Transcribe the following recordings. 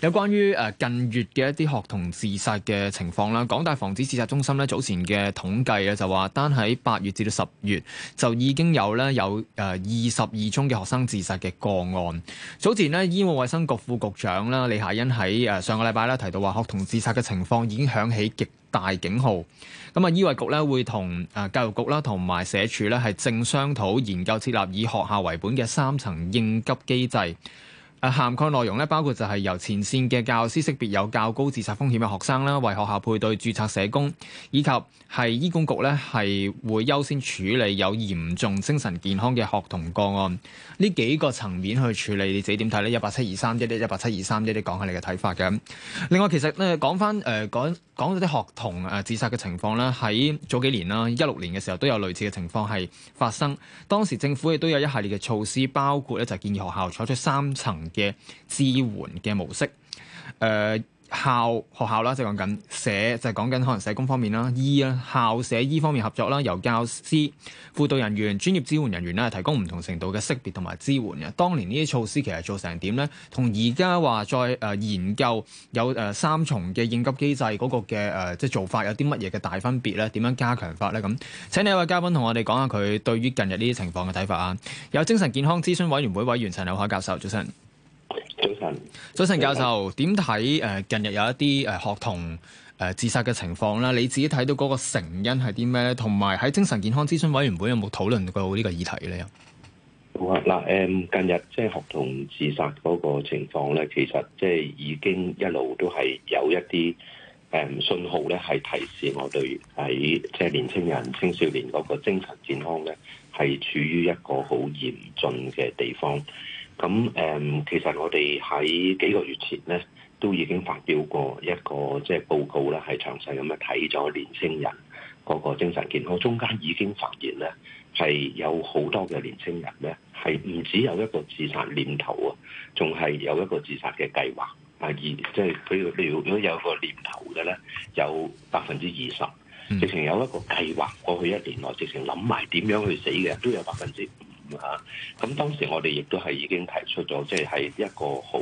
有關於誒近月嘅一啲學童自殺嘅情況啦，港大防止自殺中心咧早前嘅統計咧就話，單喺八月至到十月就已經有咧有誒二十二宗嘅學生自殺嘅個案。早前咧醫務衛生局副副局長啦李夏欣喺誒上個禮拜咧提到話，學童自殺嘅情況已經響起極大警號。咁啊醫衞局咧會同誒教育局啦同埋社署咧係正商討研究設立以學校為本嘅三層應急機制。誒涵蓋內容咧，包括就係由前線嘅教師識別有較高自殺風險嘅學生啦，為學校配對註冊社工，以及係醫管局咧係會優先處理有嚴重精神健康嘅學童個案。呢幾個層面去處理，你自己點睇呢？17 23, 17 23, 17 23, 一八七二三一一一八七二三一一講下你嘅睇法嘅。另外，其實誒講翻誒、呃、講講到啲學童誒自殺嘅情況咧，喺早幾年啦，一六年嘅時候都有類似嘅情況係發生。當時政府亦都有一系列嘅措施，包括咧就建議學校採取三層。嘅支援嘅模式，誒、呃、校學校啦，就講緊社就係講緊可能社工方面啦、醫啦、校社醫方面合作啦，由教師、輔導人員、專業支援人員咧提供唔同程度嘅識別同埋支援嘅。當年呢啲措施其實做成點咧？同而家話再誒、呃、研究有誒、呃、三重嘅應急機制嗰個嘅誒、呃、即係做法有啲乜嘢嘅大分別咧？點樣加強法咧？咁請你一位嘉賓同我哋講下佢對於近日呢啲情況嘅睇法啊。有精神健康諮詢委員會委員陳友凱教授，早晨。早晨，早晨，早晨，教授，點睇，誒？近日有一啲誒學童誒自殺嘅情況咧，你自己睇到嗰個成因係啲咩咧？同埋喺精神健康諮詢委員會有冇討論過呢個議題咧？好啊，嗱，誒，近日即係學童自殺嗰個情況咧，其實即係已經一路都係有一啲誒信號咧，係提示我哋喺即係年青人、青少年嗰個精神健康咧，係處於一個好嚴峻嘅地方。咁誒、嗯，其實我哋喺幾個月前咧，都已經發表過一個即係、就是、報告咧，係詳細咁樣睇咗年青人嗰個精神健康。中間已經發現咧，係有好多嘅年青人咧，係唔止有一個自殺念頭啊，仲係有一個自殺嘅計劃。啊，而即係佢了如果有個念頭嘅咧，有百分之二十，直情有一個計劃。過去一年內，直情諗埋點樣去死嘅，都有百分之。嚇！咁、嗯嗯、當時我哋亦都係已經提出咗，即係一個好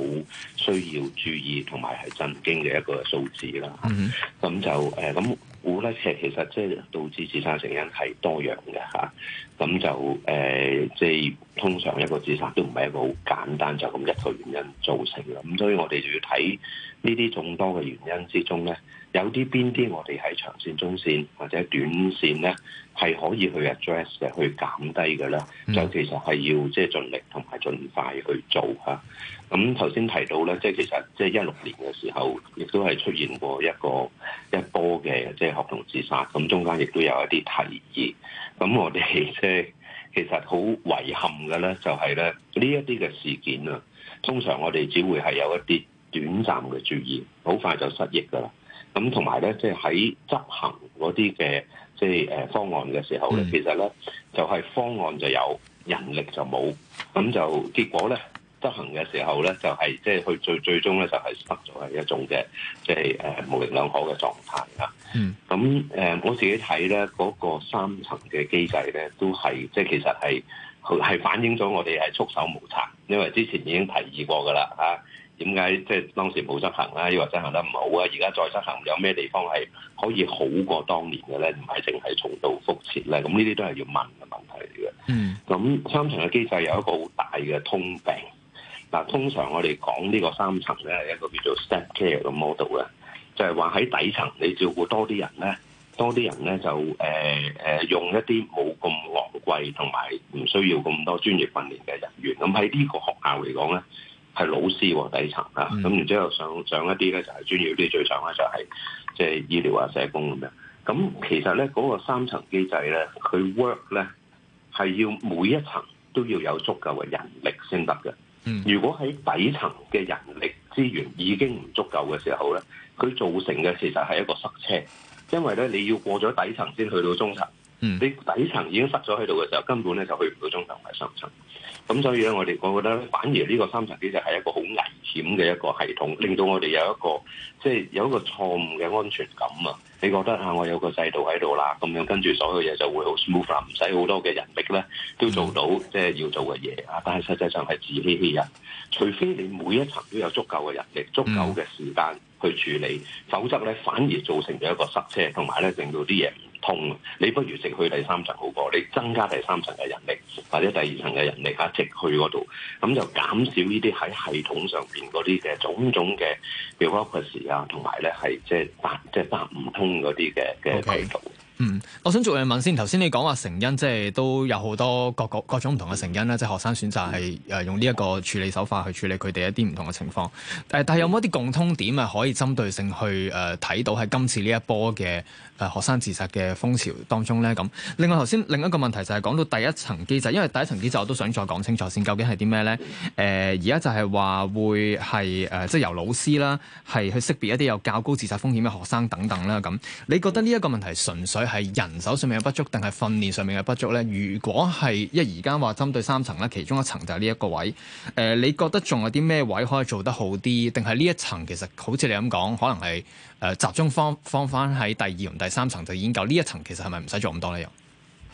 需要注意同埋係震驚嘅一個數字啦。咁、嗯嗯、就誒，咁估咧，其實其實即係導致自殺成因係多樣嘅嚇。咁、啊、就誒，即、呃、係、就係、通常一個自殺都唔係一個好簡單就咁一,一個原因造成啦。咁所以我哋就要睇呢啲眾多嘅原因之中咧。有啲邊啲我哋喺長線、中線或者短線咧，係可以去 address 嘅，去減低嘅咧，就其實係要即係盡力同埋盡快去做吓。咁頭先提到咧，即係其實即係一六年嘅時候，亦都係出現過一個一波嘅即係學童自殺，咁中間亦都有一啲提議。咁我哋即係其實好遺憾嘅咧、就係，就係咧呢一啲嘅事件啊，通常我哋只會係有一啲短暫嘅注意，好快就失憶噶啦。咁同埋咧，即係喺執行嗰啲嘅即係誒方案嘅時候咧，嗯、其實咧就係方案就有人力就冇，咁、嗯、就結果咧執行嘅時候咧、就係，就係即係佢最最終咧就係失咗係一種嘅即係誒無力兩可嘅狀態啦。咁誒、嗯嗯、我自己睇咧嗰個三層嘅機制咧，都係即係其實係係反映咗我哋係束手無策，因為之前已經提議過噶啦嚇。啊。點解即係當時冇執行啦？又話執行得唔好啊？而家再執行有咩地方係可以好過當年嘅咧？唔係淨係重蹈覆轍咧？咁呢啲都係要問嘅問題嚟嘅。嗯，咁三層嘅機制有一個好大嘅通病。嗱，通常我哋講呢個三層咧係一個叫做 step care 嘅 model 咧，就係話喺底層你照顧多啲人咧，多啲人咧就誒誒、呃、用一啲冇咁昂貴同埋唔需要咁多專業訓練嘅人員。咁喺呢個學校嚟講咧，係老師和底層啦，咁、mm. 然之後上上一啲咧就係專業啲，最上咧就係即係醫療啊、社工咁樣。咁其實咧嗰個三層機制咧，佢 work 咧係要每一層都要有足夠嘅人力先得嘅。Mm. 如果喺底層嘅人力資源已經唔足夠嘅時候咧，佢造成嘅其實係一個塞車，因為咧你要過咗底層先去到中層，mm. 你底層已經塞咗喺度嘅時候，根本咧就去唔到中層同埋上層。咁所以咧，我哋我覺得反而呢個三層機就係一個好危險嘅一個系統，令到我哋有一個即係、就是、有一個錯誤嘅安全感啊！你覺得啊，我有個制度喺度啦，咁樣跟住所有嘢就會好 smooth 啦、啊，唔使好多嘅人力咧都做到即係、就是、要做嘅嘢啊！但係實際上係自欺欺人，除非你每一層都有足夠嘅人力、足夠嘅時間去處理，嗯、否則咧反而造成咗一個塞車，同埋咧令到啲嘢。同你不如直去第三層好過。你增加第三層嘅人力或者第二層嘅人力，而家直去嗰度，咁就減少呢啲喺系統上邊嗰啲嘅種種嘅，譬如 office 啊，呢是是 8, 8, 同埋咧係即係答即係答唔通嗰啲嘅嘅度。Okay. 嗯，我想做兩問先。頭先你講話，成因，即係都有好多各個各種唔同嘅成因啦。即係學生選擇係誒用呢一個處理手法去處理佢哋一啲唔同嘅情況。誒，但係有冇一啲共通點啊？可以針對性去誒睇、呃、到係今次呢一波嘅。誒學生自殺嘅風潮當中咧咁，另外頭先另一個問題就係講到第一層機制，因為第一層機制我都想再講清楚先，究竟係啲咩咧？誒而家就係話會係誒，即、呃、係、就係、由老師啦，係去識別一啲有較高自殺風險嘅學生等等啦咁、嗯。你覺得呢一個問題純粹係人手上面嘅不足，定係訓練上面嘅不足咧？如果係，一而家話針對三層咧，其中一層就係呢一個位，誒、呃，你覺得仲有啲咩位可以做得好啲，定係呢一層其實好似你咁講，可能係？誒、呃、集中放放翻喺第二同第三層就研究呢一層其實係咪唔使做咁多咧？又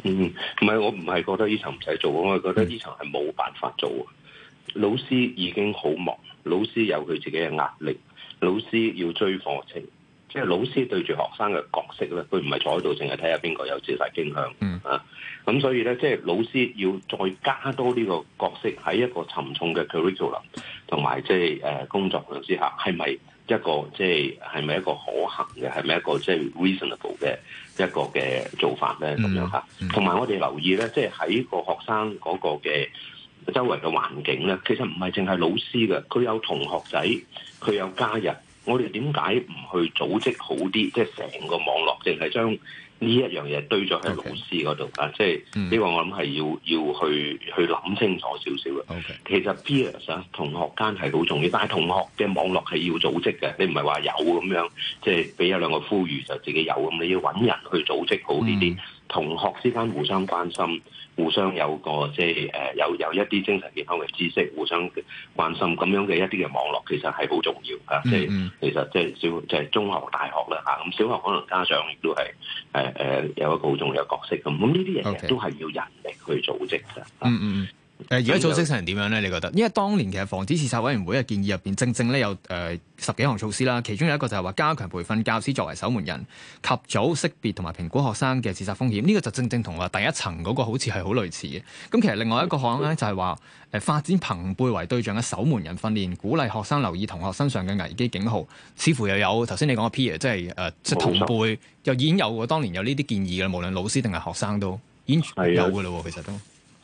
嗯，唔係我唔係覺得呢層唔使做，我係覺得呢層係冇辦法做、嗯、老師已經好忙，老師有佢自己嘅壓力，老師要追課程，即、就、係、是、老師對住學生嘅角色咧，佢唔係坐喺度淨係睇下邊個有自殺傾向啊！咁所以咧，即、就、係、是、老師要再加多呢個角色喺一個沉重嘅 curriculum 同埋即、就、係、是、誒、呃、工作上之下，係咪？一個即係，係咪一個可行嘅，係咪一個即係 reasonable 嘅一個嘅做法咧？咁樣嚇，同埋、mm hmm. mm hmm. 我哋留意咧，即係喺個學生嗰個嘅周圍嘅環境咧，其實唔係淨係老師嘅，佢有同學仔，佢有家人。我哋點解唔去組織好啲，即係成個網絡淨係將？呢一樣嘢堆咗喺老師嗰度啊，即係呢個我諗係要要去去諗清楚少少嘅。Hmm. 其實 peer 啊，同學間係好重要，但係同學嘅網絡係要組織嘅，你唔係話有咁樣，即係俾一兩個呼籲就自己有咁，你要揾人去組織好呢啲同學之間互相關心。互相有個即係誒有有一啲精神健康嘅知識，互相關心咁樣嘅一啲嘅網絡，其實係好重要嚇。即係、mm hmm. 其實即係小即係、就是、中學、大學啦嚇。咁小學可能家長亦都係誒誒有一個好重要嘅角色咁。咁呢啲嘢其實都係要人力去組織㗎。嗯嗯。誒而家組織成點樣咧？你覺得？因為當年其實防止自殺委員會嘅建議入邊，正正咧有誒、呃、十幾項措施啦，其中有一個就係話加強培訓教師作為守門人，及早識別同埋評估學生嘅自殺風險。呢、這個就正正同話第一層嗰個好似係好類似嘅。咁其實另外一個項咧就係話誒發展朋輩為對象嘅守門人訓練，鼓勵學生留意同學身上嘅危機警號。似乎又有頭先你講嘅 peer 即係誒即係同輩，又已經有喎。當年有呢啲建議嘅，無論老師定係學生都已經有嘅嘞。的其實都。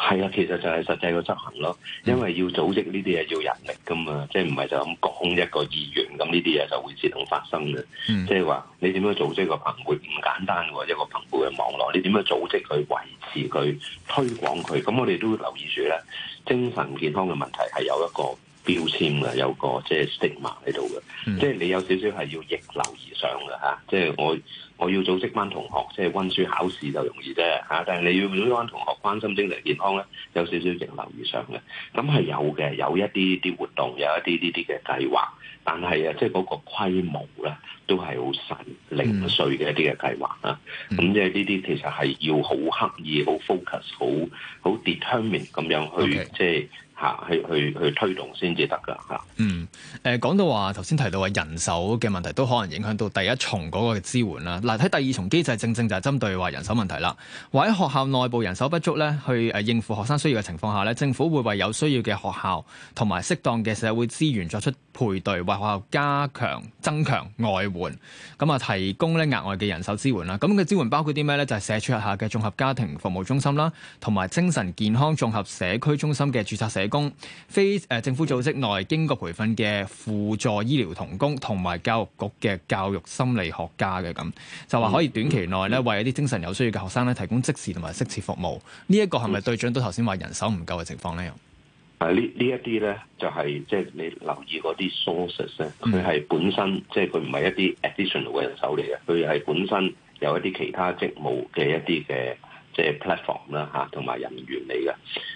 係啊，其實就係實際個執行咯，因為要組織呢啲嘢要人力噶嘛，即係唔係就咁講一個意願咁呢啲嘢就會自動發生嘅。嗯、即係話你點樣組織個朋輩唔簡單喎？一個朋輩嘅網絡，你點樣組織去維持佢、推廣佢？咁我哋都要留意住咧，精神健康嘅問題係有一個標籤嘅，有個、嗯、即係 stigma 喺度嘅。即係你有少少係要逆流而上嘅嚇、啊，即係我。我要組織班同學，即係溫書考試就容易啫嚇、啊，但係你要組織班同學關心精神健康咧，有少少逆流而上嘅，咁、嗯、係、嗯、有嘅，有一啲啲活動，有一啲啲啲嘅計劃，但係啊，即係嗰個規模咧，都係好細零碎嘅一啲嘅計劃啦。咁、嗯、即係呢啲其實係要好刻意、好 focus、好好 determine 咁樣去 Okay. 即係。嚇，去去去推動先至得㗎嚇。嗯，誒、呃、講到話頭先提到話人手嘅問題，都可能影響到第一重嗰個支援啦。嗱，睇第二重機制，正正就係針對話人手問題啦。或喺學校內部人手不足咧，去誒、啊、應付學生需要嘅情況下咧，政府會為有需要嘅學校同埋適當嘅社會資源作出。配對為學校加強、增強外援，咁啊提供咧額外嘅人手支援啦。咁嘅支援包括啲咩咧？就係、是、社署入下嘅綜合家庭服務中心啦，同埋精神健康綜合社區中心嘅註冊社工、非誒、呃、政府組織內經過培訓嘅輔助醫療同工，同埋教育局嘅教育心理學家嘅。咁，就話可以短期內咧為一啲精神有需要嘅學生咧提供即時同埋適切服務。呢一個係咪對準到頭先話人手唔夠嘅情況咧？啊！呢呢一啲咧，就係、是、即係你留意嗰啲 sources 咧，佢係本身即係佢唔係一啲 additional 嘅人手嚟嘅，佢係本身有一啲其他職務嘅一啲嘅即係 platform 啦、啊、嚇，同埋人員嚟嘅。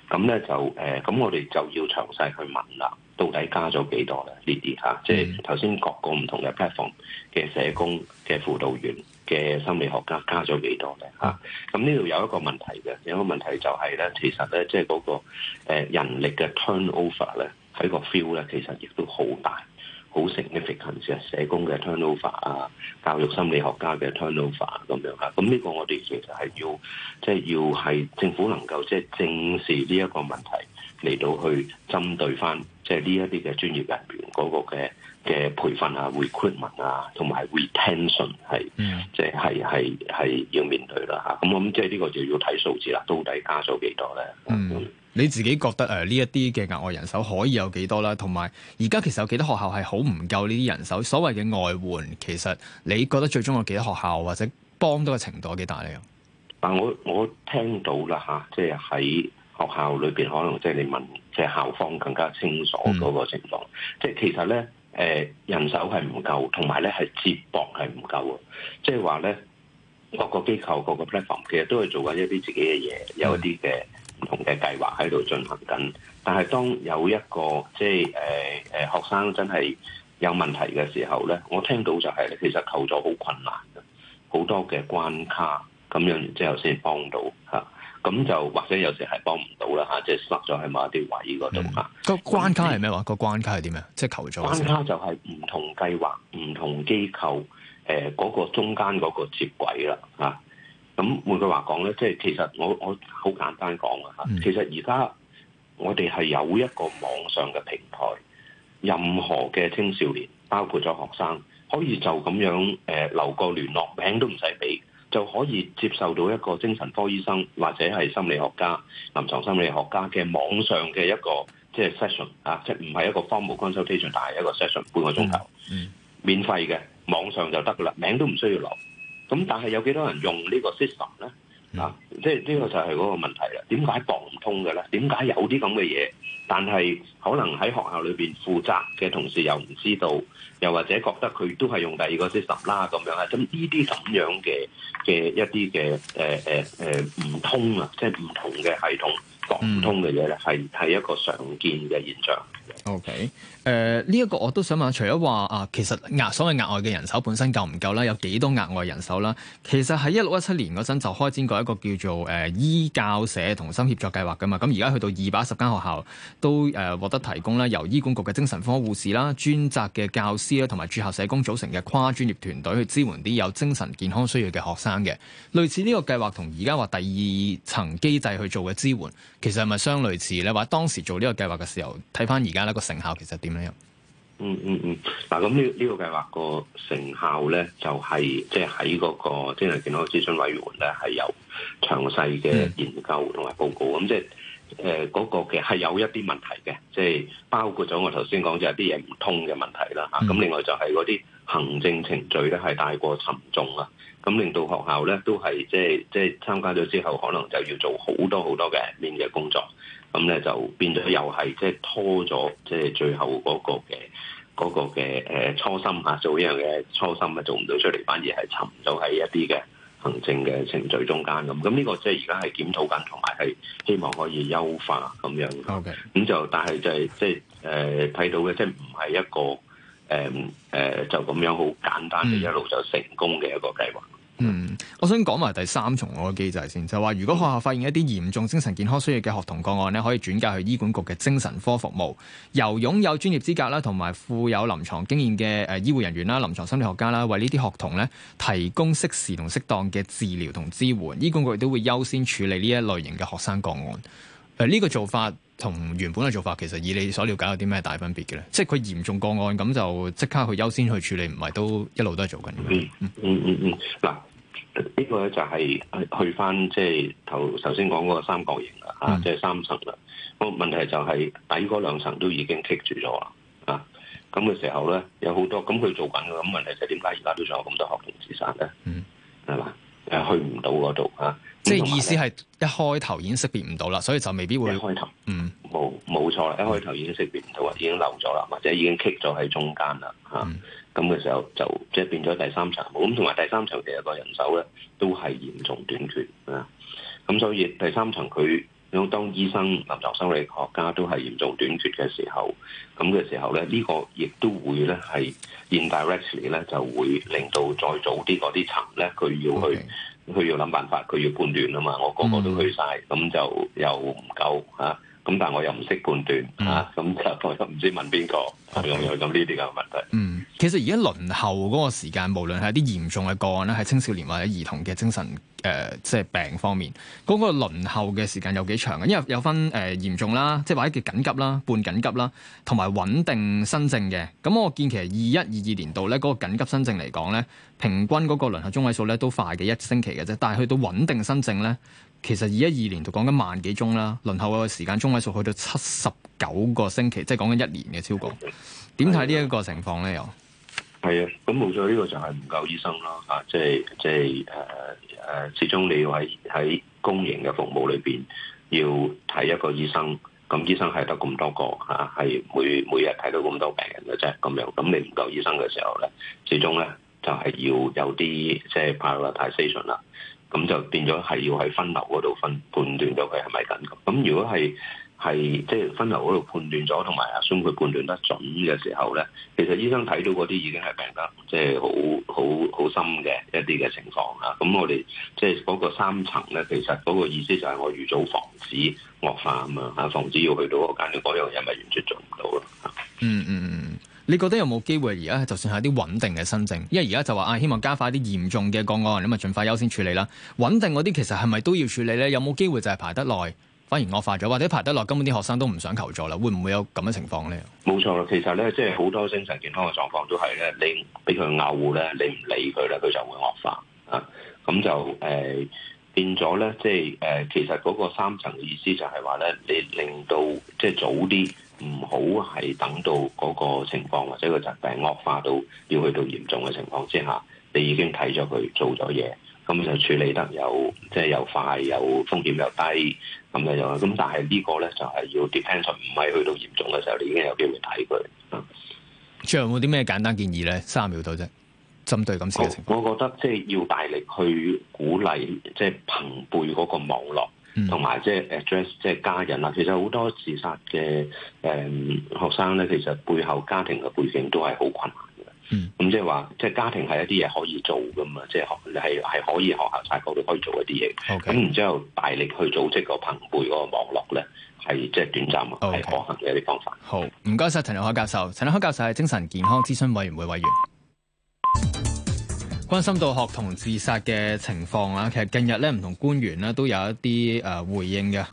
咁、啊、咧、嗯嗯、就誒，咁、呃、我哋就要詳細去問啦，到底加咗幾多咧？呢啲嚇，即係頭先各個唔同嘅 platform 嘅社工嘅輔導員，嘅心理學家加咗幾多咧嚇？咁呢度有一個問題嘅，有一個問題就係咧，其實咧即係嗰個人力嘅 turnover 咧，喺個 feel 咧，其實亦都好大，好 significant 嘅社工嘅 turnover 啊，教育心理學家嘅 turnover 咁樣啊，咁呢個我哋其實係要即係要係政府能夠即係正視呢一個問題，嚟到去針對翻即係呢一啲嘅專業人員嗰個嘅。嘅培訓啊 recruitment 啊，同埋 retention 係、啊，即係係係要面對啦嚇。咁咁即係呢個就要睇數字啦，到底加咗幾多咧？嗯，嗯你自己覺得誒呢、呃、一啲嘅額外人手可以有幾多啦？同埋而家其實有幾多學校係好唔夠呢啲人手？所謂嘅外援，其實你覺得最終有幾多學校或者幫到嘅程度有幾大呢、嗯？啊！但我我聽到啦嚇，即係喺學校裏邊，可能即係你問即係、就是、校方更加清楚嗰個情況。即係、嗯、其實咧。誒人手係唔夠，同埋咧係接駁係唔夠嘅，即係話咧各個機構各個 platform 其實都係做緊一啲自己嘅嘢，有一啲嘅唔同嘅計劃喺度進行緊。但係當有一個即係誒誒學生真係有問題嘅時候咧，我聽到就係、是、其實扣咗好困難好多嘅關卡咁樣之後先幫到嚇。啊咁就或者有時係幫唔到啦嚇，即係塞咗喺某一啲位嗰度嚇。個關卡係咩話？個關卡係點呀？即係求助。關卡就係唔同計劃、唔同機構誒嗰、呃嗰個中間嗰個接軌啦嚇。咁、啊、換句話講咧，即係其實我我好簡單講啊嚇。其實而家我哋係有一個網上嘅平台，任何嘅青少年，包括咗學生，可以就咁樣誒、呃、留個聯絡名都唔使俾，就可以接受到一個精神科醫生或者係心理學家、臨床心理學家嘅網上嘅一個即係 session 啊，即係唔係一個 formal consultation，但係一個 session 半個鐘頭，嗯、免費嘅網上就得噶啦，名都唔需要留。咁但係有幾多人用呢個 system 咧？啊，即係呢個就係嗰個問題啦。點解講唔通嘅咧？點解有啲咁嘅嘢，但係可能喺學校裏邊負責嘅同事又唔知道？又或者覺得佢都係用第二個 system 啦咁樣啊，咁呢啲咁樣嘅嘅一啲嘅誒誒誒唔通啊，即係唔同嘅系統。講唔通嘅嘢咧，係係一個常見嘅現象。O K.，誒呢一個我都想問，除咗話啊，其實額所謂額外嘅人手本身夠唔夠啦？有幾多額外人手啦？其實喺一六一七年嗰陣就開展過一個叫做誒、呃、醫教社同心協作計劃㗎嘛。咁而家去到二百一十間學校都誒獲、呃、得提供啦，由醫管局嘅精神科護士啦、專責嘅教師啦同埋駐校社工組成嘅跨專業團隊去支援啲有精神健康需要嘅學生嘅。類似呢個計劃同而家話第二層機制去做嘅支援。其實係咪相類似咧？或者當時做呢個計劃嘅時候，睇翻而家呢個成效其實點樣？嗯。嗯嗯嗯，嗱咁呢呢個計劃個成效咧，就係即係喺嗰個精神健康諮詢委員咧，係有詳細嘅研究同埋報告。咁即係誒嗰個嘅係有一啲問題嘅，即、就、係、是、包括咗我頭先講就係啲嘢唔通嘅問題啦嚇。咁、嗯、另外就係嗰啲行政程序咧係太過沉重啦。咁令到學校咧都係即係即係參加咗之後，可能就要做好多好多嘅面嘅工作。咁咧就變咗又係即係拖咗，即係最後嗰個嘅嗰個嘅誒初心啊，做一樣嘅初心啊，做唔到出嚟，反而係沉咗喺一啲嘅行政嘅程序中間咁。咁呢個即係而家係檢討緊，同埋係希望可以優化咁樣。嘅 Okay.，咁就但係就係即係誒睇到嘅，即係唔係一個誒誒、呃、就咁樣好簡單嘅一路就成功嘅一個計劃。Okay. 嗯嗯，我想講埋第三重嗰個機制先，就係話如果學校發現一啲嚴重精神健康需要嘅學童個案咧，可以轉介去醫管局嘅精神科服務，由擁有專業資格啦，同埋富有臨床經驗嘅誒醫護人員啦、臨床心理學家啦，為呢啲學童呢提供適時同適當嘅治療同支援。醫管局亦都會優先處理呢一類型嘅學生個案。誒呢個做法同原本嘅做法其實以你所了解有啲咩大分別嘅咧？即係佢嚴重個案咁就即刻去優先去處理，唔係都一路都係做緊。嗯嗯嗯嗯，嗱呢、這個咧就係、是、去翻即係頭頭先講嗰個三角形啦，啊即係三層啦。個、嗯、問題就係、是、底嗰兩層都已經剔住咗啦，啊咁嘅時候咧有好多咁佢做緊嘅，咁問題就係點解而家都仲有咁多學童自殺咧？嗯係嘛，誒去唔到嗰度啊？即係意思係一開頭已經識別唔到啦，所以就未必會一開頭，嗯，冇冇錯啦，一開頭已經識別唔到啊，已經漏咗啦，或者已經棘咗喺中間啦，嚇、嗯，咁嘅時候就即係變咗第三層。咁同埋第三層嘅一個人手咧，都係嚴重短缺啊。咁、嗯、所以第三層佢有當醫生、臨床心理學家都係嚴重短缺嘅時候，咁嘅時候咧，呢、呢個亦都會咧係 indirectly 咧就會令到再早啲嗰啲層咧佢要去。Okay. 佢要諗辦法，佢要判斷啊嘛，我個個都去晒，咁就又唔夠吓。啊咁但係我又唔識判斷，吓咁就我都唔知問邊個，又又咁呢啲嘅問題。嗯，其實而家輪候嗰個時間，無論係一啲嚴重嘅個案咧，係青少年或者兒童嘅精神誒，即係病方面，嗰個輪候嘅時間有幾長嘅？因為有分誒嚴重啦，即係或者叫緊急啦、半緊急啦，同埋穩定新症嘅。咁我見其實二一二二年度咧，嗰個緊急新症嚟講咧，平均嗰個輪候中位數咧都快嘅一星期嘅啫。但係去到穩定新症咧。其實二一二年就講緊萬幾宗啦，輪候嘅時間中位數去到七十九個星期，即係講緊一年嘅超過。點睇呢一個情況咧？又係啊，咁冇錯，呢個就係唔夠醫生啦嚇，即係即係誒誒，始終你要喺喺公營嘅服務裏邊要睇一個醫生，咁醫生係得咁多個嚇，係每每日睇到咁多病人嘅啫，咁樣咁你唔夠醫生嘅時候咧，始終咧就係、是、要有啲即係排到太稀順啦。咁就變咗係要喺分流嗰度分判斷咗佢係咪緊急。咁如果係係即係分流嗰度判斷咗，同埋阿孫佢判斷得準嘅時候咧，其實醫生睇到嗰啲已經係病得即係好好好深嘅一啲嘅情況啦。咁我哋即係嗰個三層咧，其實嗰個意思就係我預早防止惡化啊嘛嚇，防止要去到嗰間嘅嗰樣嘢，咪完全做唔到咯。嗯嗯嗯。你覺得有冇機會而家就算係一啲穩定嘅新症，因為而家就話啊，希望加快啲嚴重嘅個案，咁咪盡快優先處理啦。穩定嗰啲其實係咪都要處理咧？有冇機會就係排得耐反而惡化咗，或者排得耐根本啲學生都唔想求助啦？會唔會有咁嘅情況咧？冇錯啦，其實咧即係好多精神健康嘅狀況都係咧，你俾佢咬護咧，你唔理佢咧，佢就會惡化啊。咁就誒、呃、變咗咧，即係誒、呃、其實嗰個三層意思就係話咧，你令到即係早啲。唔好係等到嗰個情況或者個疾病惡化到要去到嚴重嘅情況之下，你已經睇咗佢做咗嘢，咁就處理得又即係又快又風險又低咁嘅樣。咁但係呢個咧就係、是、要 dependent 唔係去到嚴重嘅時候你已經有機會睇佢。最後、嗯、有冇啲咩簡單建議咧？三十秒到啫，針對今時嘅情況我，我覺得即係要大力去鼓勵即係朋輩嗰個網絡。同埋即係 address 即係家人啦，其實好多自殺嘅誒、嗯、學生咧，其實背後家庭嘅背景都係好困難嘅。咁即係話，即係、就是、家庭係一啲嘢可以做噶嘛，即係係係可以學校大個都可以做一啲嘢。咁 Okay. 然之後，大力去組織個朋輩個網絡咧，係即係短暫啊，係可行嘅一啲方法。好，唔該晒陳友凱教授。陳友凱教授係精神健康諮詢委員會委員。關心到學童自殺嘅情況啊，其實近日咧，唔同官員呢都有一啲誒回應嘅。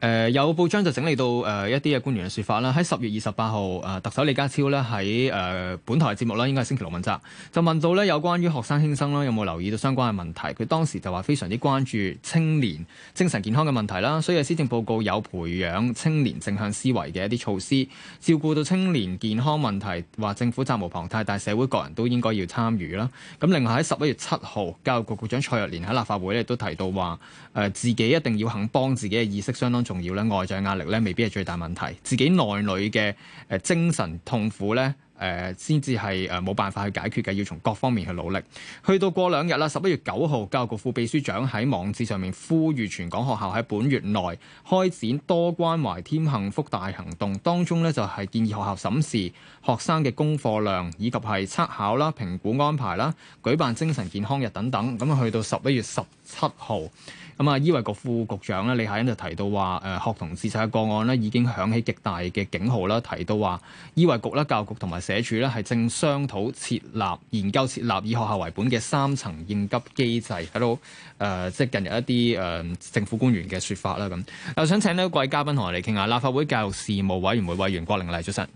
誒、呃、有報章就整理到誒、呃、一啲嘅官員嘅説法啦，喺十月二十八號，誒、呃、特首李家超呢喺誒、呃、本台節目啦，應該係星期六問責，就問到呢有關於學生輕生、生啦，有冇留意到相關嘅問題？佢當時就話非常之關注青年精神健康嘅問題啦，所以施政報告有培養青年正向思維嘅一啲措施，照顧到青年健康問題，話政府責無旁貸，但係社會各人都應該要參與啦。咁另外喺十一月七號，教育局局長蔡若蓮喺立法會呢都提到話。誒、呃、自己一定要肯幫自己嘅意識相當重要咧。外在壓力咧，未必係最大問題。自己內裏嘅誒、呃、精神痛苦咧，誒先至係誒冇辦法去解決嘅。要從各方面去努力。去到過兩日啦，十一月九號，教育局副秘書長喺網誌上面呼籲全港學校喺本月內開展多關懷添幸福大行動，當中咧就係、是、建議學校審視學生嘅功課量，以及係測考啦、評估安排啦、舉辦精神健康日等等。咁去到十一月十七號。咁啊，醫衞局副局長咧，李夏欣就提到話，誒、呃、學童自殺個案咧已經響起極大嘅警號啦。提到話，醫衞局咧、教育局同埋社署咧，係正商討設立、研究設立以學校為本嘅三層應急機制。喺度誒，即係近日一啲誒、呃、政府官員嘅説法啦。咁又、呃、想請呢位嘉賓同我哋傾下，立法會教育事務委員會委員郭玲麗，早晨。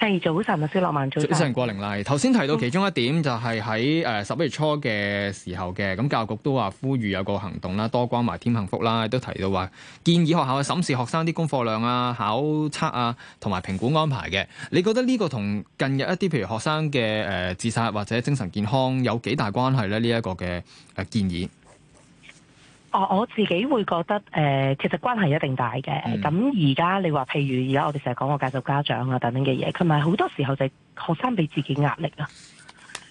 係早晨，麥斯諾曼早晨。早晨郭玲麗，頭先提到其中一點就係喺誒十一月初嘅時候嘅，咁教育局都話呼籲有個行動啦，多關懷添幸福啦，亦都提到話建議學校去審視學生啲功課量啊、考測啊同埋評估安排嘅。你覺得呢個同近日一啲譬如學生嘅誒自殺或者精神健康有幾大關係咧？呢、這、一個嘅誒建議？我我自己會覺得，誒、呃，其實關係一定大嘅。咁而家你話，譬如而家我哋成日講我介紹就家長啊等等嘅嘢，佢咪好多時候就係學生俾自己壓力啊。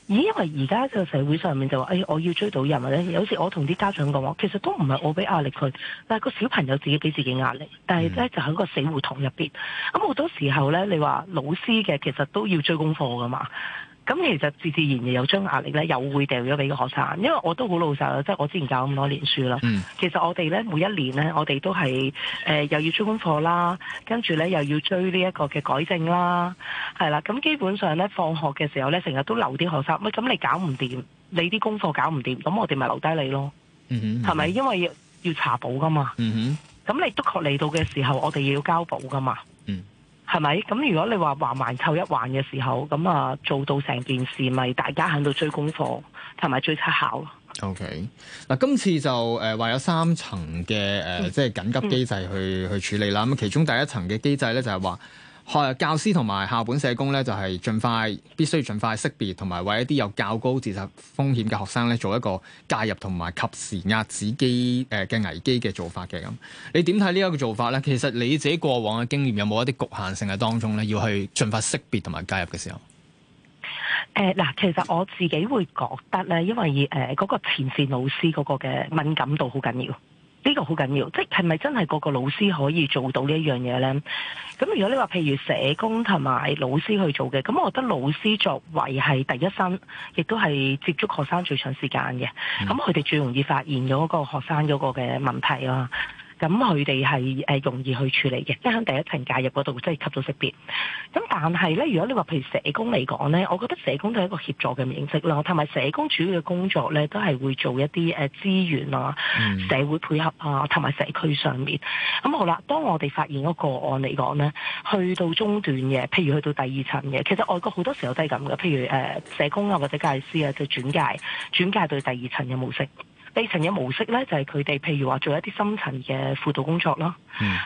咦？因為而家個社會上面就話，哎，我要追到人或者有時我同啲家長講話，其實都唔係我俾壓力佢，但係個小朋友自己俾自己壓力。但係咧、嗯、就喺個死胡同入邊，咁好多時候咧，你話老師嘅其實都要追功課噶嘛。咁其實自自然然又將壓力咧又會掉咗俾個學生，因為我都好老實啦，即係我之前教咁多年書啦。嗯、其實我哋咧每一年咧，我哋都係誒、呃、又要出功課啦，跟住咧又要追呢一個嘅改正啦，係啦。咁、嗯、基本上咧，放學嘅時候咧，成日都留啲學生。喂、嗯，咁你搞唔掂，你啲功課搞唔掂，咁我哋咪留低你咯。係咪？因為要查簿㗎嘛。咁你督學嚟到嘅時候，我哋要交簿㗎嘛。嗯嗯嗯嗯嗯嗯係咪？咁如果你話環環扣一環嘅時候，咁啊做到成件事，咪、就是、大家喺度追功課同埋追測考。OK，嗱，今次就誒話有三層嘅誒，即係緊急機制去去處理啦。咁、嗯、其中第一層嘅機制咧，就係話。係教師同埋校本社工咧，就係盡快必須要盡快識別，同埋為一啲有較高自殺風險嘅學生咧，做一個介入同埋及時壓止機誒嘅、呃、危機嘅做法嘅咁。你點睇呢一個做法咧？其實你自己過往嘅經驗有冇一啲局限性嘅當中咧，要去盡快識別同埋介入嘅時候？誒嗱、呃，其實我自己會覺得咧，因為誒嗰、呃嗰個前線老師嗰個嘅敏感度好緊要。呢個好緊要，即係咪真係個個老師可以做到呢一樣嘢呢？咁如果你話譬如社工同埋老師去做嘅，咁我覺得老師作為係第一身，亦都係接觸學生最長時間嘅，咁佢哋最容易發現咗個學生嗰個嘅問題咯。咁佢哋係誒容易去處理嘅，即係喺第一層介入嗰度即係吸到識別。咁但係咧，如果你話譬如社工嚟講咧，我覺得社工都係一個協助嘅形式咯，同埋社工主要嘅工作咧都係會做一啲誒資源啊、嗯、社會配合啊同埋社區上面。咁好啦，當我哋發現嗰個個案嚟講咧，去到中段嘅，譬如去到第二層嘅，其實外國好多時候都係咁嘅，譬如誒社工啊或者介師啊就轉介，轉介到第二層嘅模式。第二層嘅模式咧，就係佢哋譬如話做一啲深層嘅輔導工作咯，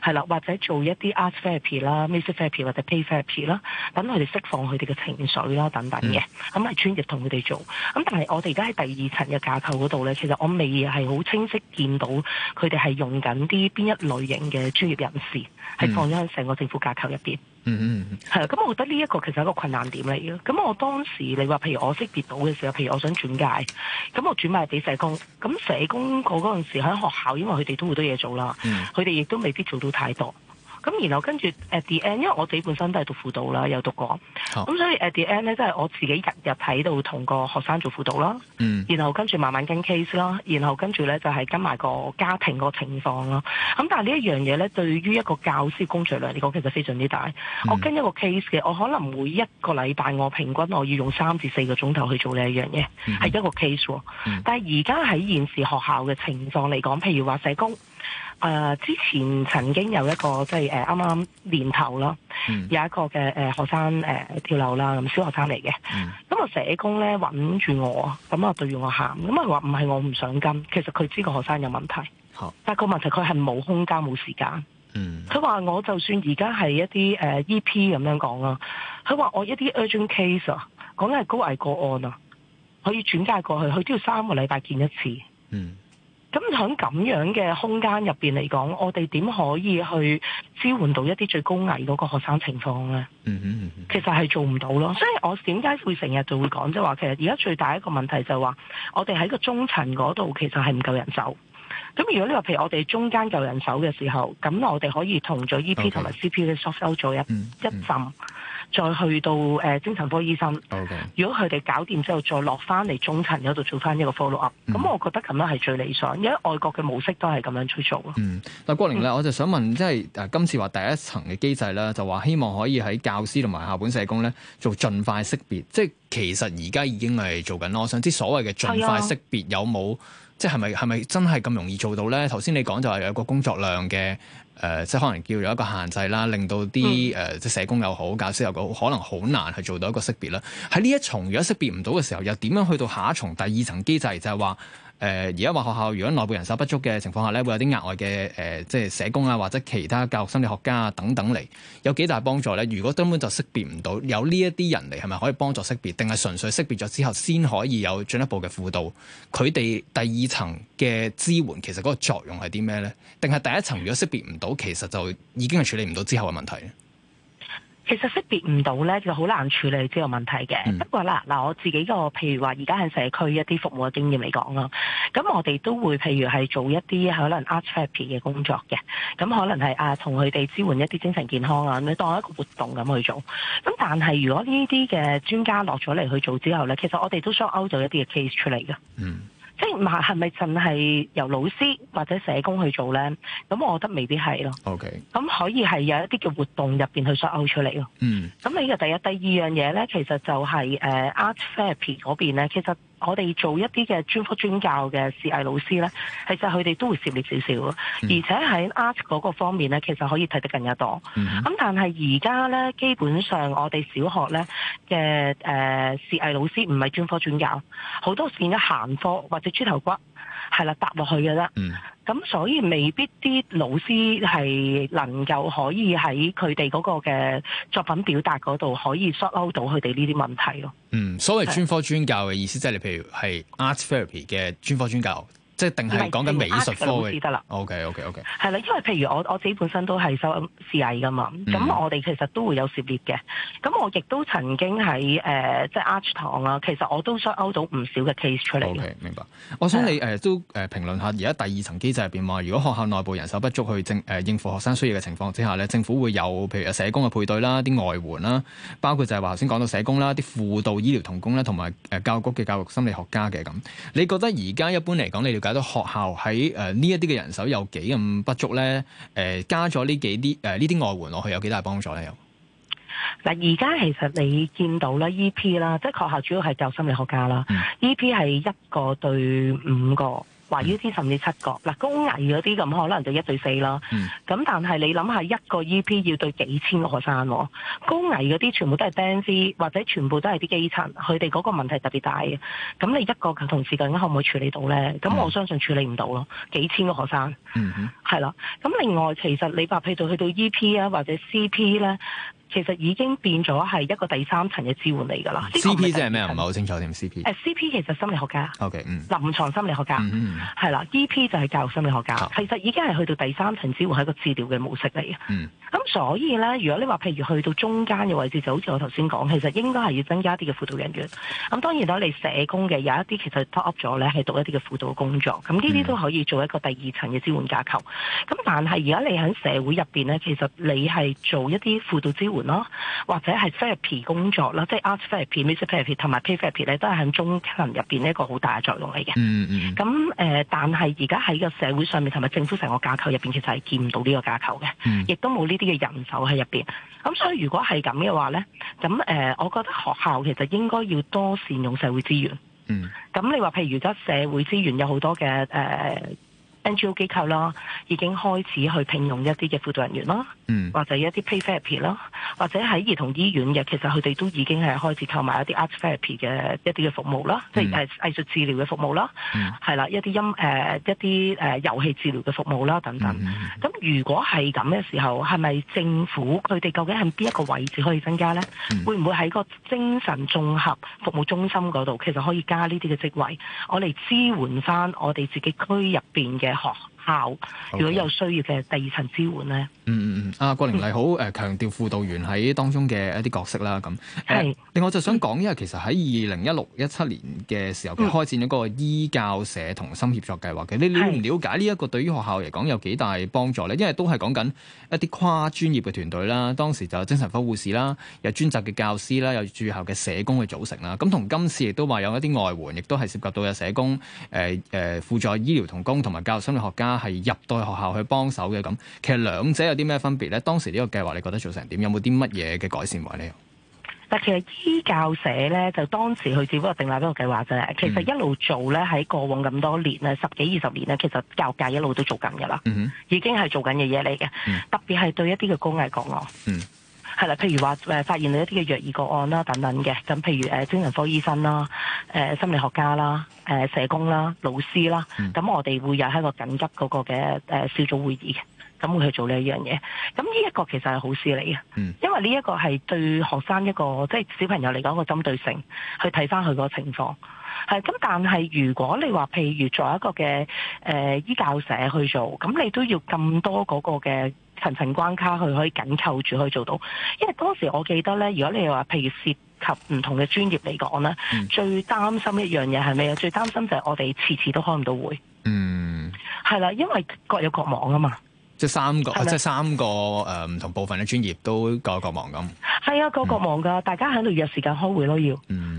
係啦、嗯，或者做一啲 art therapy 啦、music therapy 或者 play therapy 啦，等佢哋釋放佢哋嘅情緒啦等等嘅，咁係、嗯、專業同佢哋做。咁但係我哋而家喺第二層嘅架構嗰度咧，其實我未係好清晰見到佢哋係用緊啲邊一類型嘅專業人士係放咗喺成個政府架構入邊。嗯嗯係啊，咁、mm hmm. 我覺得呢一個其實係一個困難點嚟嘅，咁我當時你話譬如我識別到嘅時候，譬如我想轉介，咁我轉賣俾社工，咁社工嗰陣時喺學校，因為佢哋都好多嘢做啦，佢哋、mm hmm. 亦都未必做到太多。咁然後跟住 at the end，因為我自己本身都係讀輔導啦，有讀過，咁、oh. 嗯、所以 at the end 咧，即係我自己日日喺度同個學生做輔導啦。然後跟住慢慢跟 case 啦，然後跟住咧就係跟埋個家庭個情況啦。咁但係呢一樣嘢咧，對於一個教師工作量嚟講，其實非常之大。Mm. 我跟一個 case 嘅，我可能每一個禮拜我平均我要用三至四個鐘頭去做呢一樣嘢，係、mm hmm. 一個 case 喎。但係而家喺現時學校嘅情況嚟講，譬如話社工。誒、呃、之前曾經有一個即係誒啱啱年頭啦，嗯、有一個嘅誒、呃、學生誒、呃、跳樓啦，咁小學生嚟嘅。咁、嗯、我社工咧揾住我，咁啊對住我喊，咁啊話唔係我唔想跟，其實佢知個學生有問題，好但係個問題佢係冇空間，冇時間。佢話、嗯、我就算而家係一啲誒、呃、EP 咁樣講啦，佢話我一啲 urgent case 啊，講緊係高危個案啊，可以轉介過去，佢都要三個禮拜見一次。咁喺咁樣嘅空間入邊嚟講，我哋點可以去支援到一啲最高危嗰個學生情況咧？嗯嗯、mm hmm. 其實係做唔到咯。所以我點解會成日就會講，即係話其實而家最大一個問題就係話，我哋喺個中層嗰度其實係唔夠人手。咁如果你話譬如我哋中間夠人手嘅時候，咁我哋可以同咗 EP 同埋 CPU 嘅 softou 做一一浸。再去到誒精神科醫生，Okay. 如果佢哋搞掂之後，再落翻嚟中層嗰度做翻一個 follow up，咁、嗯、我覺得咁樣係最理想，因為外國嘅模式都係咁樣去做。咯。嗯，嗱郭玲咧，嗯、我就想問，即係今次話第一層嘅機制咧，就話希望可以喺教師同埋校本社工咧做盡快識別，即係其實而家已經係做緊咯。我想知所謂嘅盡快識別有冇，即係係咪係咪真係咁容易做到咧？頭先你講就係有個工作量嘅。誒、呃，即係可能叫做一個限制啦，令到啲誒、嗯呃，即係社工又好，教師又好，可能好難去做到一個識別啦。喺呢一重如果識別唔到嘅時候，又點樣去到下一重第二層機制？就係話。誒而家話學校，如果內部人手不足嘅情況下咧，會有啲額外嘅誒、呃，即係社工啊，或者其他教育心理學家啊等等嚟，有幾大幫助咧？如果根本就識別唔到，有呢一啲人嚟係咪可以幫助識別，定係純粹識別咗之後先可以有進一步嘅輔導？佢哋第二層嘅支援其實嗰個作用係啲咩咧？定係第一層如果識別唔到，其實就已經係處理唔到之後嘅問題？其實識別唔到咧，就好難處理呢個問題嘅。不過嗱嗱，我自己個譬如話，而家喺社區一啲服務嘅經驗嚟講咯，咁我哋都會譬如係做一啲可能 art therapy 嘅工作嘅。咁可能係啊，同佢哋支援一啲精神健康啊，咁當一個活動咁去做。咁但係如果呢啲嘅專家落咗嚟去做之後咧，其實我哋都想勾到一啲嘅 case 出嚟嘅。嗯。即係嘛係咪淨係由老師或者社工去做咧？咁我覺得未必係咯。OK，咁可以係有一啲嘅活動入邊去 sort out 出嚟咯。嗯，咁呢個第一、第二樣嘢咧，其實就係、是、誒、呃、art therapy 嗰邊咧，其實。我哋做一啲嘅專科專教嘅視藝老師呢，其實佢哋都會涉獵少少，而且喺 art 嗰個方面呢，其實可以睇得更加多。咁、嗯、哼但係而家呢，基本上我哋小學呢嘅誒視藝老師唔係專科專教，好多時變咗閒課或者豬頭骨。係啦，答落去嘅啦。咁、嗯、所以未必啲老師係能夠可以喺佢哋嗰個嘅作品表達嗰度可以疏漏到佢哋呢啲問題咯。嗯，所謂專科專教嘅意思、就係，即係你譬如係 art therapy 嘅專科專教。即定係講緊美術科嘅，OK OK OK，係啦，因為譬如我我自己本身都係修視藝㗎嘛，咁、嗯、我哋其實都會有涉獵嘅。咁我亦都曾經喺誒、呃、即係 Art 堂啦，其實我都收到唔少嘅 case 出嚟。OK，明白。我想你誒、呃、都誒、呃、評論下而家第二層機制入邊，話如果學校內部人手不足去政、呃、應付學生需要嘅情況之下咧，政府會有譬如有社工嘅配對啦、啲外援啦，包括就係話頭先講到社工啦、啲輔導醫療同工啦，同埋誒教育局嘅教育心理學家嘅咁。你覺得而家一般嚟講，你瞭解？學校喺誒呢一啲嘅人手有幾咁不足咧？誒、呃，加咗呢幾啲誒呢啲外援落去有幾大幫助咧？又嗱，而家其實你見到啦 E P 啦，即係學校主要係教心理學家啦，E P 係一個對五個。話 E P 甚至七個嗱，高危嗰啲咁可能就一對四啦。咁、嗯、但係你諗下一個 E P 要對幾千個學生喎？高危嗰啲全部都係 band 師，或者全部都係啲基層，佢哋嗰個問題特別大嘅。咁你一個同事究竟可唔可以處理到呢？咁我相信處理唔到咯，嗯、幾千個學生。嗯係哼啦。咁另外其實你話譬如到去到 E P 啊或者 C P 呢。其實已經變咗係一個第三層嘅支援嚟㗎啦。C P 即係咩？唔係好清楚點。C P 誒、uh, C P 其實心理學家。O K 嗯。臨牀心理學家。嗯係啦，E P 就係教育心理學家。Okay. 其實已經係去到第三層支援係一個治療嘅模式嚟嘅。咁、嗯、所以咧，如果你話譬如去到中間嘅位置，就好似我頭先講，其實應該係要增加啲嘅輔導人員。咁、嗯、當然啦，你社工嘅有一啲其實 top up 咗咧，係讀一啲嘅輔導工作。咁呢啲都可以做一個第二層嘅支援架構。咁、嗯、但係而家你喺社會入邊咧，其實你係做一啲輔導支援咯，或者係 therapy 工作啦，即係 art therapy、music therapy 同埋 play therapy 咧，都係喺中層入邊一個好大嘅作用嚟嘅、嗯。嗯嗯咁誒，但係而家喺個社會上面同埋政府成個架構入邊，其實係見唔到呢個架構嘅。亦、嗯、都冇呢啲嘅人手喺入邊。咁所以如果係咁嘅話咧，咁誒、呃，我覺得學校其實應該要多善用社會資源。嗯。咁你話譬如而家社會資源有好多嘅誒。呃 NGO 機構啦，已經開始去聘用一啲嘅輔導人員啦，嗯、或者一啲 play therapy 啦，或者喺兒童醫院嘅，其實佢哋都已經係開始購買一啲 art therapy 嘅一啲嘅服務啦，即係、嗯、藝術治療嘅服務啦，係啦、嗯，一啲音誒、呃、一啲誒、呃、遊戲治療嘅服務啦等等。咁、嗯、如果係咁嘅時候，係咪政府佢哋究竟係邊一個位置可以增加咧？嗯、會唔會喺個精神綜合服務中心嗰度，其實可以加呢啲嘅職位，我哋支援翻我哋自己區入邊嘅？學校如果有需要嘅第二層支援咧。嗯嗯嗯，阿、啊、郭玲麗好誒、呃，強調輔導員喺當中嘅一啲角色啦，咁是、啊、另外我就想講，因為其實喺二零一六一七年嘅時候，佢開展咗個醫教社同心協作計劃嘅，你了唔瞭解呢一個對於學校嚟講有幾大幫助呢？因為都係講緊一啲跨專業嘅團隊啦，當時就有精神科護士啦，有專責嘅教師啦，有駐校嘅社工去組成啦，咁同今次亦都話有一啲外援，亦都係涉及到有社工誒誒、呃呃、輔助醫療同工同埋教育心理學家係入到學校去幫手嘅咁，其實兩者有啲咩分別咧？當時呢個計劃，你覺得做成點？有冇啲乜嘢嘅改善位呢？但其實醫教社咧，就當時佢只不過定立一個計劃啫。其實一路做咧，喺過往咁多年咧，十幾二十年咧，其實教界一路都做緊㗎啦。嗯、哼已經係做緊嘅嘢嚟嘅。嗯、特別係對一啲嘅高危個案，嗯，係啦，譬如話誒，發現你一啲嘅虐兒個案啦，等等嘅。咁譬如誒，精神科醫生啦，誒、呃，心理學家啦，誒、呃，社工啦，老師啦，咁、嗯、我哋會有一個緊急嗰個嘅誒小組會議。咁會去做呢一樣嘢，咁呢一個其實係好事嚟嘅，嗯、因為呢一個係對學生一個即係、就是、小朋友嚟講個針對性，去睇翻佢個情況。係咁，但係如果你話譬如作一個嘅誒、呃、醫教社去做，咁你都要咁多嗰個嘅層層關卡，去可以緊扣住去做到。因為當時我記得呢，如果你話譬如涉及唔同嘅專業嚟講呢，最擔心一樣嘢係咩啊？最擔心就係我哋次次都開唔到會。嗯，係啦，因為各有各忙啊嘛。即係三個，嗎即係三個誒唔、呃、同部分嘅專業都各有各忙咁。係啊，各有各忙噶，嗯、大家喺度約時間開會咯，要。嗯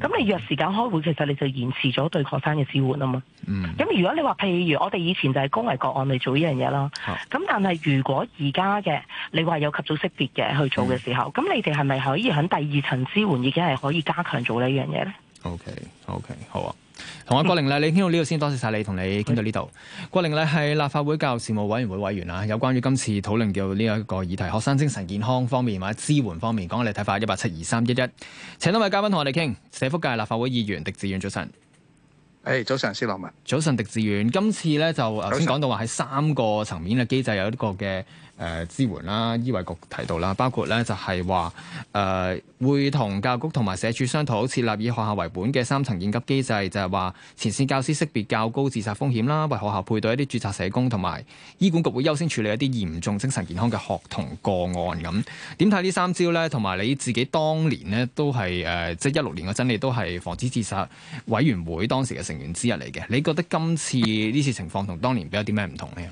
咁、嗯、你約時間開會，其實你就延遲咗對學生嘅支援啊嘛。嗯。咁如果你話譬如我哋以前就係高危個案嚟做呢樣嘢啦。好、啊。咁但係如果而家嘅你話有及早識別嘅去做嘅時候，咁、嗯、你哋係咪可以喺第二層支援已經係可以加強做呢樣嘢咧？OK，OK，okay, okay, 好啊。同我郭玲麗，你傾到呢度先，多謝晒你同你傾到是呢度。郭玲麗係立法會教育事務委員會委員啦，有關於今次討論嘅呢一個議題，學生精神健康方面或者支援方面，講嚟睇法。一八七二三一一，請多位嘉賓同我哋傾，社福界立法會議員狄志遠早晨。誒，早晨，司、hey, 朗文。早晨，狄志遠。今次咧就先講到話喺三個層面嘅機制有一個嘅。誒、呃、支援啦，醫衞局提到啦，包括咧就係話誒會同教育局同埋社署商討設立以學校為本嘅三層應急機制，就係、是、話前線教師識別較高自殺風險啦，為學校配對一啲註冊社工，同埋醫管局會優先處理一啲嚴重精神健康嘅學童個案咁。點睇呢三招呢？同埋你自己當年呢，都係誒、呃、即係一六年嘅真理都係防止自殺委員會當時嘅成員之一嚟嘅，你覺得今次呢次情況同當年比較有啲咩唔同呢？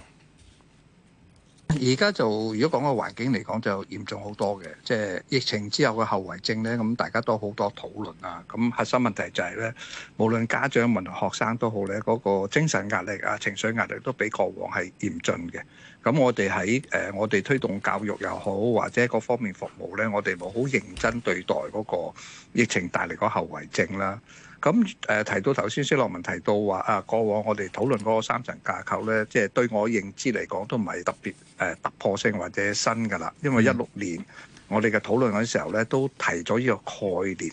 而家就如果講個環境嚟講就嚴重好多嘅，即係疫情之後嘅後遺症咧，咁大家都好多討論啊。咁、嗯、核心問題就係咧，無論家長問學生都好咧，嗰、那個精神壓力啊、情緒壓力都比過往係嚴峻嘅。咁我哋喺誒，我哋、呃、推動教育又好，或者各方面服務咧，我哋冇好認真對待嗰個疫情帶嚟個後遺症啦。咁誒、呃、提到頭先，斯洛文提到話啊，過往我哋討論嗰個三層架構咧，即係對我認知嚟講都唔係特別誒、呃、突破性或者新㗎啦。因為一六年、嗯、我哋嘅討論嘅啲時候咧，都提咗呢個概念，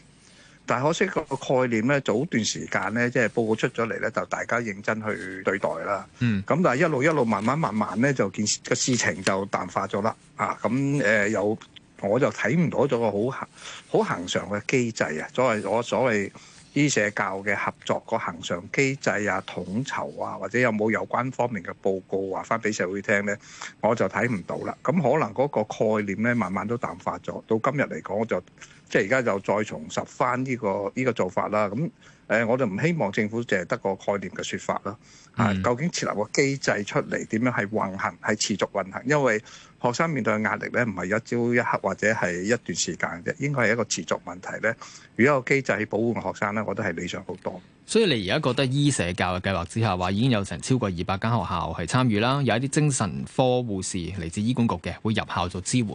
但係可惜個概念咧早段時間咧，即係報告出咗嚟咧，就大家認真去對待啦。嗯。咁但係一路一路慢慢慢慢咧，就件事個事情就淡化咗啦。啊，咁誒、呃、有我就睇唔到咗個好恆好恆常嘅機制啊，所謂我所謂。醫社教嘅合作、個恆常機制啊、統籌啊，或者有冇有，有關方面嘅報告話翻俾社會聽咧，我就睇唔到啦。咁可能嗰個概念咧，慢慢都淡化咗。到今日嚟講，我就即係而家就再重拾翻、呢、呢個呢、呢個做法啦。咁誒、呃，我就唔希望政府淨係得個概念嘅説法啦。啊，究竟設立個機制出嚟，點樣係運行，係持續運行？因為學生面對嘅壓力咧，唔係一朝一刻或者係一段時間嘅啫，應該係一個持續問題咧。如果有機制保護學生咧，我覺得係理想好多。所以你而家覺得醫社教嘅計劃之下，話已經有成超過二百間學校係參與啦，有一啲精神科護士嚟自醫管局嘅會入校做支援，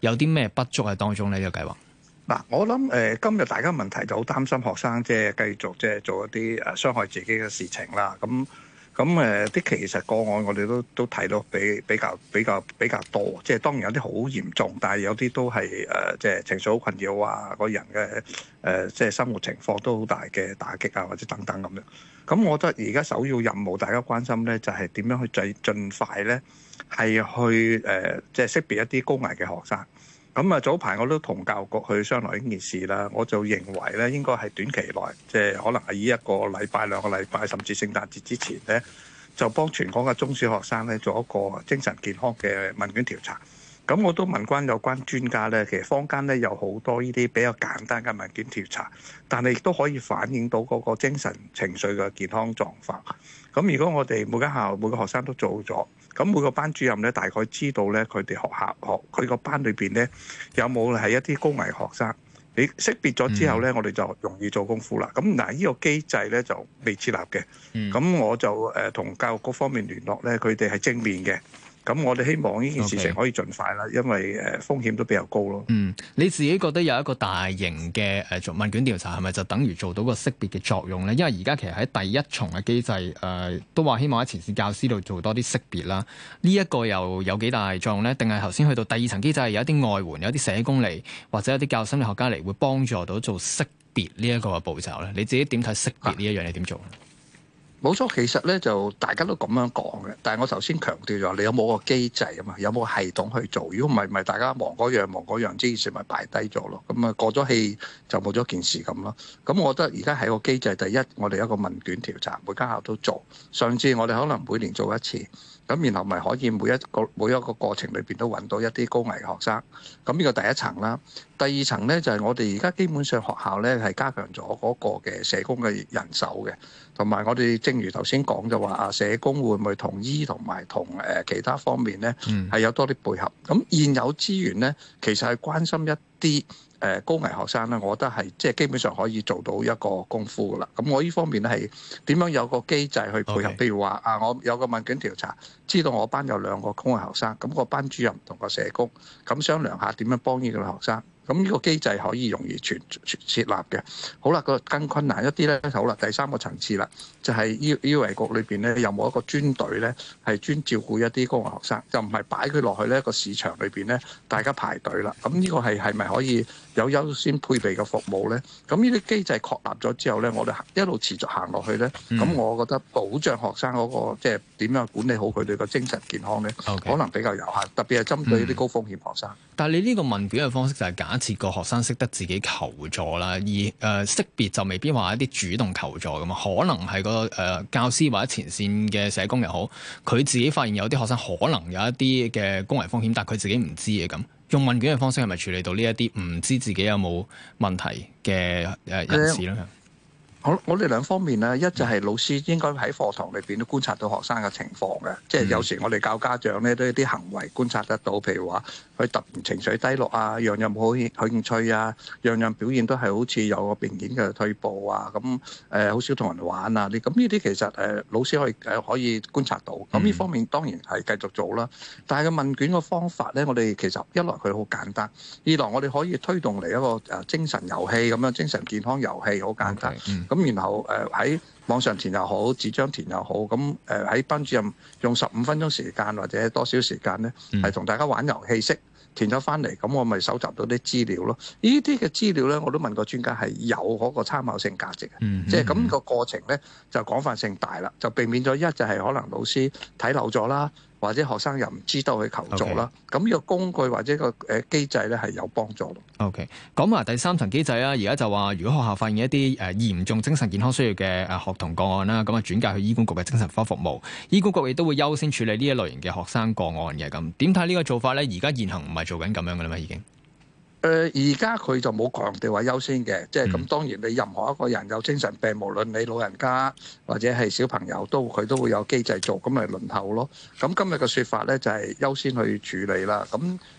有啲咩不足喺當中呢？呢、呢個計劃嗱，我諗誒、呃，今日大家問題就好擔心學生即係繼續即係做一啲誒傷害自己嘅事情啦，咁。咁誒，啲其實個案我哋都都睇到比比較比較比較多，即係當然有啲好嚴重，但係有啲都係誒即係情緒好困擾啊，個人嘅誒即係生活情況都好大嘅打擊啊，或者等等咁樣。咁我覺得而家首要任務大家關心咧就係點樣去最盡快咧係去誒即係識別一啲高危嘅學生。咁啊，早排我都同教育局去商量呢件事啦。我就認為咧，應該係短期內，即係可能喺呢一個禮拜、兩個禮拜，甚至聖誕節之前咧，就幫全港嘅中小學生咧做一個精神健康嘅問卷調查。咁我都問關有關專家咧，其實坊間咧有好多呢啲比較簡單嘅問卷調查，但係亦都可以反映到嗰個精神情緒嘅健康狀況。咁如果我哋每間校每個學生都做咗。咁每個班主任咧，大概知道咧佢哋學校學佢個班裏邊咧有冇係一啲高危學生。你識別咗之後咧，我哋就容易做功夫啦。咁嗱，呢個機制咧就未設立嘅。咁我就誒同、呃、教育局方面聯絡咧，佢哋係正面嘅。咁我哋希望呢件事情可以盡快啦，因為誒、呃、風險都比較高咯。嗯，你自己覺得有一個大型嘅誒、呃、問卷調查係咪就等於做到個識別嘅作用咧？因為而家其實喺第一重嘅機制誒、呃，都話希望喺前線教師度做多啲識別啦。呢、這、一個又有幾大作用咧？定係頭先去到第二層機制，有一啲外援，有啲社工嚟，或者有啲教育心理學家嚟，會幫助到做識別呢一個嘅步驟咧。你自己點睇識別一的你呢一樣嘢點做？冇錯，其實咧就大家都咁樣講嘅，但係我頭先強調咗，你有冇個機制啊嘛？有冇個系統去做？如果唔係，咪大家忙嗰樣忙嗰樣，樣之前咪擺低咗咯。咁、嗯、啊過咗氣就冇咗件事咁咯。咁、嗯、我覺得而家係個機制，第一我哋有一個問卷調查，每間校都做，上次我哋可能每年做一次。咁然後咪可以每一個每一個過程裏邊都搵到一啲高危學生，咁呢個第一層啦。第二層呢就係我哋而家基本上學校呢係加強咗嗰個嘅社工嘅人手嘅，同埋我哋正如頭先講就話啊，社工會唔會同醫同埋同誒其他方面呢係有多啲配合？咁現有資源呢，其實係關心一啲。誒、呃、高危學生咧，我覺得係即係基本上可以做到一個功夫噶啦。咁我呢方面咧係點樣有個機制去配合？譬 Okay. 如話啊，我有個問卷調查，知道我班有兩個高危學生，咁、個班主任同個社工咁商量下點樣幫呢個學生。咁呢個機制可以容易全，全設立嘅。好啦，個更困難一啲咧，好啦，第三個層次啦，就係醫醫衞局裏邊咧，有冇一個專隊咧，係專照顧一啲高危學生？就唔係擺佢落去咧、個市場裏邊咧，大家排隊啦。咁呢個係係咪可以？有優先配備嘅服務咧，咁呢啲機制確立咗之後咧，我哋一路持續行落去咧，咁、嗯、我覺得保障學生嗰、那個即係點樣管理好佢哋嘅精神健康咧，okay, 可能比較有限。特別係針對啲高風險學生。嗯、但係你呢個問卷嘅方式就係假設個學生識得自己求助啦，而誒、呃、識別就未必話一啲主動求助嘅嘛，可能係、那個誒、呃、教師或者前線嘅社工又好，佢自己發現有啲學生可能有一啲嘅高危風險，但係佢自己唔知嘅咁。用問卷嘅方式係咪處理到呢一啲唔知自己有冇問題嘅誒人士咧？好，我我哋兩方面咧，一就係老師應該喺課堂裏邊都觀察到學生嘅情況嘅，即係有時我哋教家長咧都有一啲行為觀察得到，譬如話佢突然情緒低落啊，樣樣冇興興趣啊，樣有有表樣表現都係好似有個明顯嘅退步啊，咁誒好少同人玩啊，啲咁呢啲其實誒、呃、老師可以誒、呃、可以觀察到。咁呢方面當然係繼續做啦。但係個問卷嘅方法咧，我哋其實一來佢好簡單，二來我哋可以推動嚟一個誒精神遊戲咁樣精神健康遊戲，好簡單。Okay, 嗯咁然後誒喺網上填又好，紙張填又好，咁誒喺班主任用十五分鐘時間或者多少時間咧，係同大家玩遊戲式填咗返嚟，咁我咪搜集到啲資料咯。呢啲嘅資料咧，我都問過專家係有嗰個參考性價值嘅，即係咁個過程咧就廣泛性大啦，就避免咗一就係可能老師睇漏咗啦。或者學生又唔知道去求助啦，咁呢 Okay. 個工具或者個誒機制咧係有幫助嘅。OK，講埋第三層機制啦，而家就話如果學校發現一啲誒嚴重精神健康需要嘅誒學童個案啦，咁啊轉介去醫管局嘅精神科服務，醫管局亦都會優先處理呢一類型嘅學生個案嘅咁。點睇呢個做法咧？而家現行唔係做緊咁樣嘅啦嘛，已經？誒而家佢就冇強調話優先嘅，即係咁當然你任何一個人有精神病，無論你老人家或者係小朋友都，都佢都會有機制做，咁咪輪候咯。咁今日嘅説法咧就係、是、優先去處理啦。咁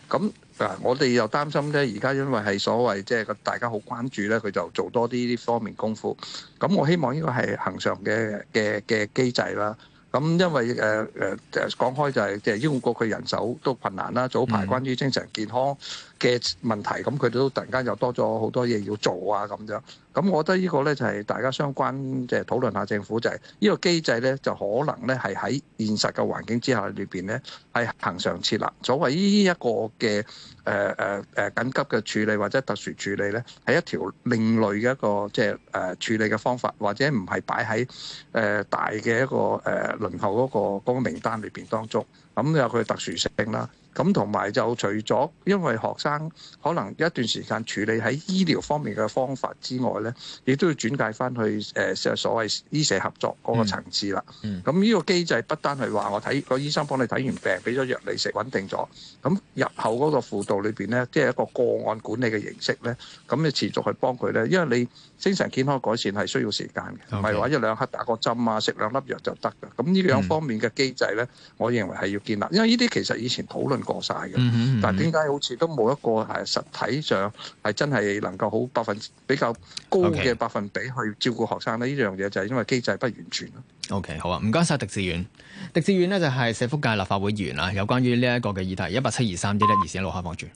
咁嗱，我哋又擔心咧，而家因為係所謂即係個大家好關注咧，佢就做多啲呢方面功夫。咁我希望應該係恒常嘅嘅嘅機制啦。咁因為誒誒、呃呃、講開就係即係英國佢人手都困難啦。早排關於精神健康。嗯嘅問題，咁佢哋都突然間又多咗好多嘢要做啊咁樣，咁我覺得呢個呢，就係、是、大家相關即係、就是、討論下政府就係、是、呢個機制呢，就可能呢，係喺現實嘅環境之下裏邊呢，係行上設立。所謂呢一個嘅誒誒誒緊急嘅處理或者特殊處理呢，係一條另類嘅一個即係誒處理嘅方法，或者唔係擺喺誒大嘅一個誒、呃、輪候嗰個名單裏邊當中，咁有佢特殊性啦。咁同埋就除咗因為學生可能一段時間處理喺醫療方面嘅方法之外咧，亦都要轉介翻去誒嘅、呃、所謂醫社合作嗰個層次啦。咁呢、嗯嗯、個機制不單係話我睇個醫生幫你睇完病，俾咗藥你食穩定咗，咁日後嗰個輔導裏邊咧，即係一個個案管理嘅形式咧，咁咧持續去幫佢咧，因為你精神健康改善係需要時間嘅，唔係話一兩刻打個針啊，食兩粒藥就得噶，咁呢兩方面嘅機制咧，嗯、我認為係要建立，因為呢啲其實以前討論。過晒嘅，嗯嗯、但係點解好似都冇一個係實體上係真係能夠好百分比較高嘅百分比去照顧學生呢？呢樣嘢就係因為機制不完全咯。O、okay, K，好啊，唔該晒狄志遠。狄志遠呢就係社福界立法會議員啊，有關於呢一個嘅議題，一八七二三一一二四六，開放住。